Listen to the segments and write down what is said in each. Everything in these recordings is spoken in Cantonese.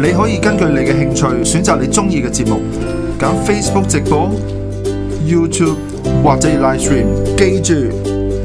你可以根據你嘅興趣選擇你中意嘅節目，揀 Facebook 直播、YouTube 或者 Live Stream。記住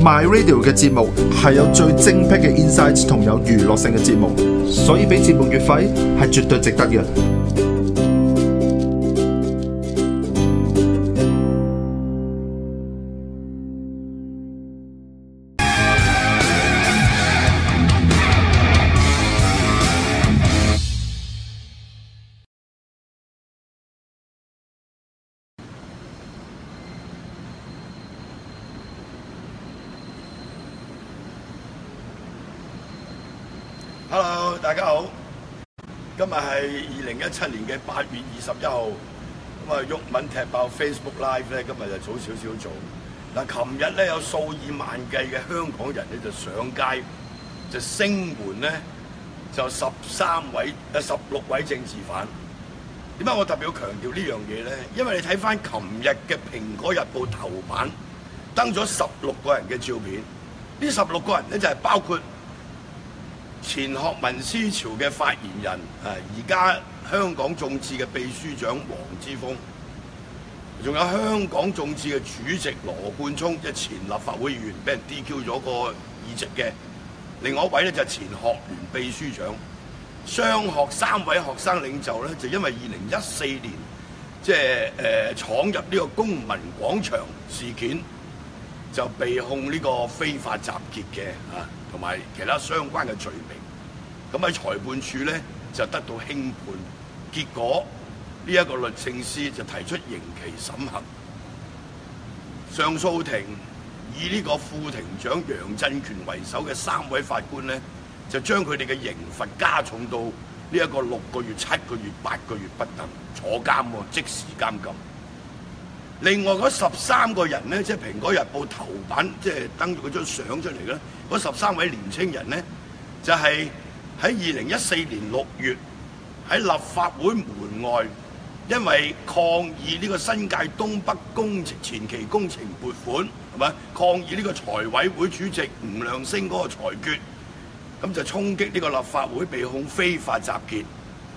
，My Radio 嘅節目係有最精闢嘅 insights 同有娛樂性嘅節目，所以俾節目月費係絕對值得嘅。今日係二零一七年嘅八月二十一號，咁啊，毓民踢爆 Facebook Live 咧，今日就早少少做。嗱，琴日咧有數以萬計嘅香港人咧就上街，就聲援咧就十三位啊十六位政治犯。點解我特別要強調呢樣嘢咧？因為你睇翻琴日嘅《蘋果日報》頭版登咗十六個人嘅照片，呢十六個人咧就係包括。前學民思潮嘅發言人，啊，而家香港眾志嘅秘書長黃之鋒，仲有香港眾志嘅主席羅冠聰，即前立法會議員俾人 DQ 咗個議席嘅。另外一位咧就係前學聯秘書長，雙學三位學生領袖咧就因為二零一四年即誒闖入呢個公民廣場事件。就被控呢個非法集結嘅啊，同埋其他相關嘅罪名。咁喺裁判處咧就得到輕判，結果呢一個律政司就提出刑期審核。上訴庭以呢個副庭長楊振權為首嘅三位法官咧，就將佢哋嘅刑罰加重到呢一個六個月、七個月、八個月不等坐監喎，即時監禁。另外嗰十三個人呢，即係《蘋果日報》頭版即係登咗嗰張相出嚟呢，嗰十三位年青人呢就係喺二零一四年六月喺立法會門外，因為抗議呢個新界東北工程前期工程撥款，係咪抗議呢個財委會主席吳亮星嗰個裁決，咁就衝擊呢個立法會被控非法集結。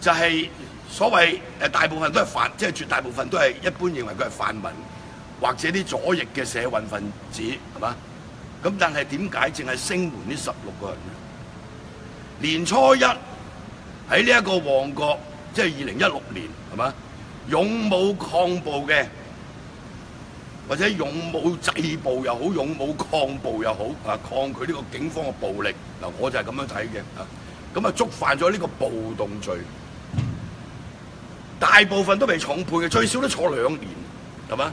就係所謂誒大部分都係泛，即係絕大部分都係一般認為佢係泛民或者啲左翼嘅社運分子，係嘛？咁但係點解淨係聲援呢十六個人呢？年初一喺呢一個旺角，即係二零一六年，係嘛？勇武抗暴嘅或者勇武制暴又好，勇武抗暴又好啊，抗拒呢個警方嘅暴力。嗱，我就係咁樣睇嘅啊。咁啊，觸犯咗呢個暴動罪。大部分都俾重判嘅，最少都坐兩年，係嘛？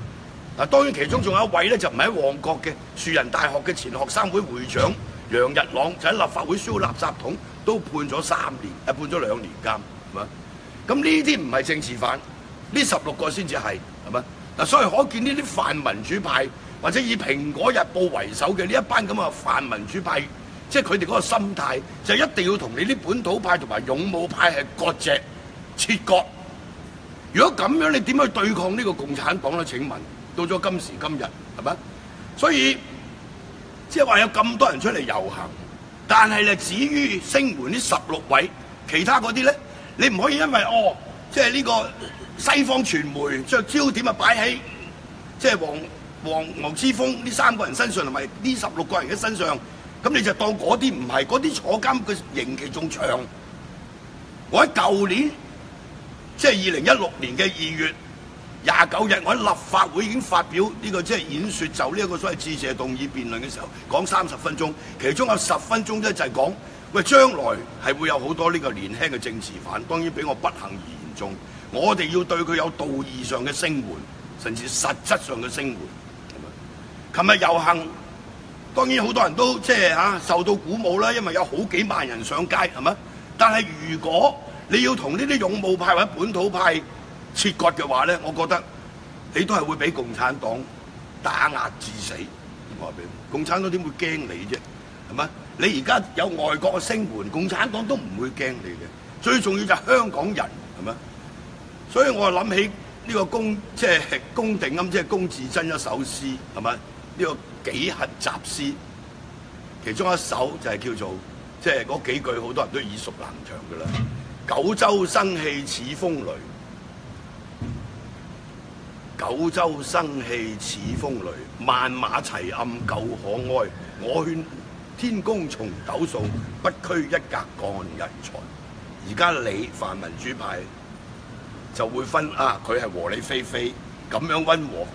嗱，當然其中仲有一位咧，就唔係喺旺角嘅樹仁大學嘅前學生會會長楊日朗，就喺立法會燒垃圾桶都判咗三年，係判咗兩年監，係嘛？咁呢啲唔係政治犯，呢十六個先至係，係嘛？嗱，所以可見呢啲泛民主派或者以《蘋果日報》為首嘅呢一班咁嘅泛民主派，即係佢哋嗰個心態就一定要同你啲本土派同埋勇武派係割席切割。如果咁樣，你點去對抗呢個共產黨咧？請問，到咗今時今日，係咪？所以即係話有咁多人出嚟遊行，但係咧，至於聲援呢十六位，其他嗰啲咧，你唔可以因為哦，即係呢個西方傳媒將焦點啊擺喺即係黃黃黃之鋒呢三個人身上同埋呢十六個人嘅身上，咁你就當嗰啲唔係，嗰啲坐監嘅刑期仲長。我喺舊年。即係二零一六年嘅二月廿九日，我喺立法會已經發表呢、這個即係演説，就呢、是、一個所謂致謝動議辯論嘅時候，講三十分鐘，其中有十分鐘一就係講，喂，將來係會有好多呢個年輕嘅政治犯，當然比我不幸而言中，我哋要對佢有道義上嘅聲援，甚至實質上嘅聲援。琴日遊行，當然好多人都即係、就是啊、受到鼓舞啦，因為有好幾萬人上街，係咪？但係如果你要同呢啲勇武派或者本土派切割嘅話，咧，我覺得你都係會俾共產黨打壓致死。我話俾你，共產黨點會驚你啫？係咪？你而家有外國嘅聲援，共產黨都唔會驚你嘅。最重要就係香港人係咪？所以我又諗起呢個龔即係、就是、龔定庵，即、就、係、是、龔自珍一首詩，係咪？呢、這個己亥雜詩其中一首就係叫做即係嗰幾句，好多人都耳熟能詳嘅啦。九州生氣似風雷，九州生氣似風雷。萬馬齊喑究可哀。我勸天公重抖擻，不拘一格降人才。而家你泛民主派就會分啊，佢係和理非非咁樣溫和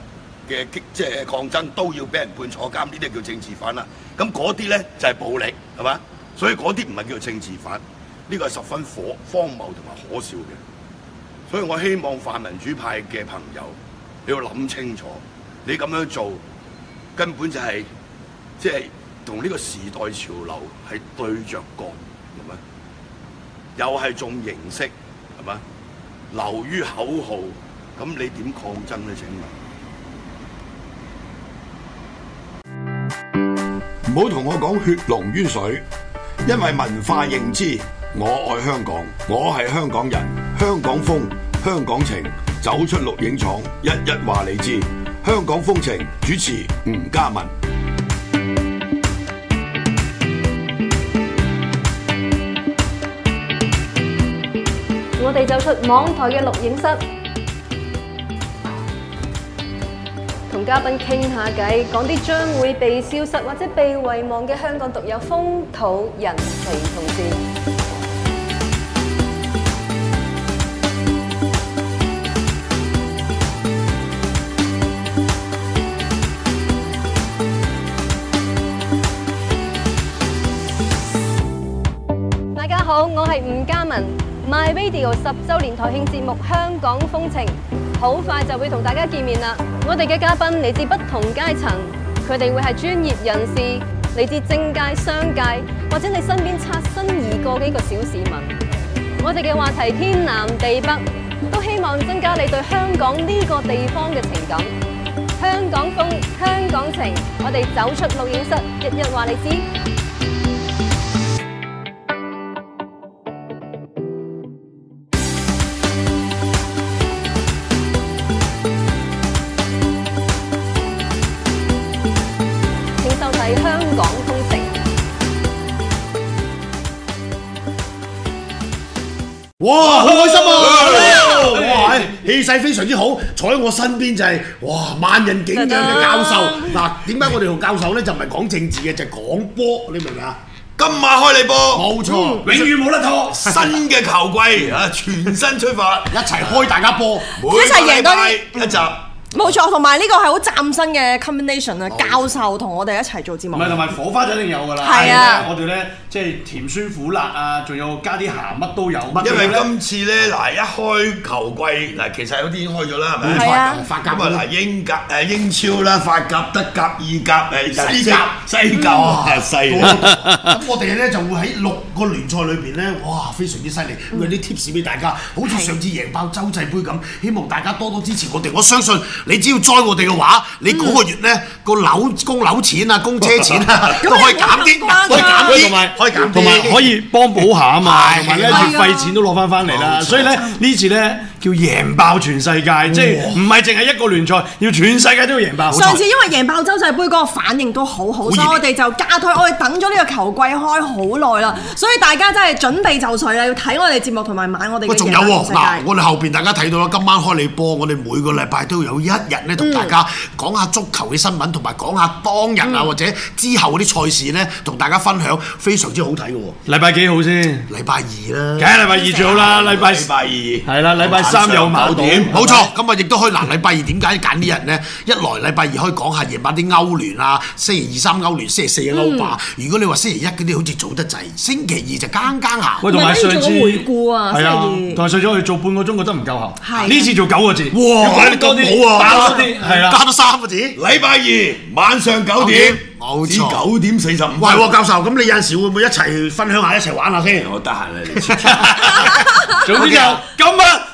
嘅激，即係抗爭都要俾人判坐監，呢啲叫政治犯啦。咁嗰啲咧就係、是、暴力，係嘛？所以嗰啲唔係叫政治犯。呢個係十分火，荒謬同埋可笑嘅，所以我希望泛民主派嘅朋友你要諗清楚，你咁樣做根本就係即係同呢個時代潮流係對着幹，係咪？又係做形式，係嘛？流於口號，咁你點抗爭咧？請問，唔好同我講血濃於水，因為文化認知。我愛香港，我係香港人，香港風，香港情，走出錄影廠，一一話你知。香港風情主持吳家文，我哋走出網台嘅錄影室，同嘉賓傾下偈，講啲將會被消失或者被遺忘嘅香港獨有，有風土人情，同志。My Radio 十周年台慶節目《香港風情》好快就會同大家見面啦！我哋嘅嘉賓嚟自不同階層，佢哋會係專業人士，嚟自政界、商界，或者你身邊擦身而過嘅一個小市民。我哋嘅話題天南地北，都希望增加你對香港呢個地方嘅情感。香港風，香港情，我哋走出錄影室，日日話你知。哇，好開心啊！哇，氣勢非常之好，坐喺我身邊就係、是、哇，萬人景仰嘅教授。嗱，點解我哋同教授呢？就唔係講政治嘅，就講、是、波，你明唔明啊？今晚開你波，冇錯錯，嗯、永遠冇得拖。嗯、新嘅球季全新出發，一齊開大家波，每一齊贏多一集。冇錯，同埋呢個係好嶄新嘅 combination 啊！教授同我哋一齊做節目。唔係，同埋火花就一定有㗎啦。係啊，我哋咧即係甜酸苦辣啊，仲有加啲鹹，乜都有。乜。因為今次咧嗱，一開球季嗱，其實有啲已經開咗啦，係咪？係啊。咁啊，嗱，英格誒英超啦，法甲、德甲、意甲誒西甲、西甲啊，西啦。咁我哋咧就會喺六個聯賽裏邊咧，哇，非常之犀利。我哋啲 tips 俾大家，好似上次贏爆洲際杯咁，希望大家多多支持我哋。我相信。你只要栽我哋嘅話，你嗰個月呢個供樓錢啊，供、嗯、車錢啊， 都可以減啲，可以減啲，可以減啲，同埋可以幫補下啊嘛，同埋的呢，月的費錢都攞返返嚟啦，錯所以呢，呢次呢。 叫贏爆全世界，哦、即係唔係淨係一個聯賽，要全世界都要贏爆。好上次因為贏爆洲際杯嗰個反應都好好，很所以我哋就加推。我哋等咗呢個球季開好耐啦，所以大家真係準備就緒啦，要睇我哋節目同埋買我哋嘅、哦。哇界，仲有嗱，我哋後邊大家睇到啦，今晚開你波。我哋每個禮拜都有一日咧同大家講下足球嘅新聞，同埋講下當日啊、嗯、或者之後嗰啲賽事咧，同大家分享非常之好睇嘅。禮拜幾號先？禮拜二啦，梗係禮拜二最好二二啦，禮拜禮拜二係啦，禮拜。三有矛盾，冇錯。咁啊，亦都可以。嗱，禮拜二點解揀啲人咧？一來禮拜二可以講下夜晚啲歐聯啊，星期二三歐聯，星期四歐霸。如果你話星期一嗰啲好似早得滯，星期二就更更行。我同埋上次，係啊，同埋上次我哋做半個鐘覺得唔夠喉。呢次做九個字。哇，多啲，加多啲，係啊，加多三個字。禮拜二晚上九點，冇錯，九點四十五。喂，教授，咁你有陣時會唔會一齊分享下，一齊玩下先？我得閒咧，你之就今晚。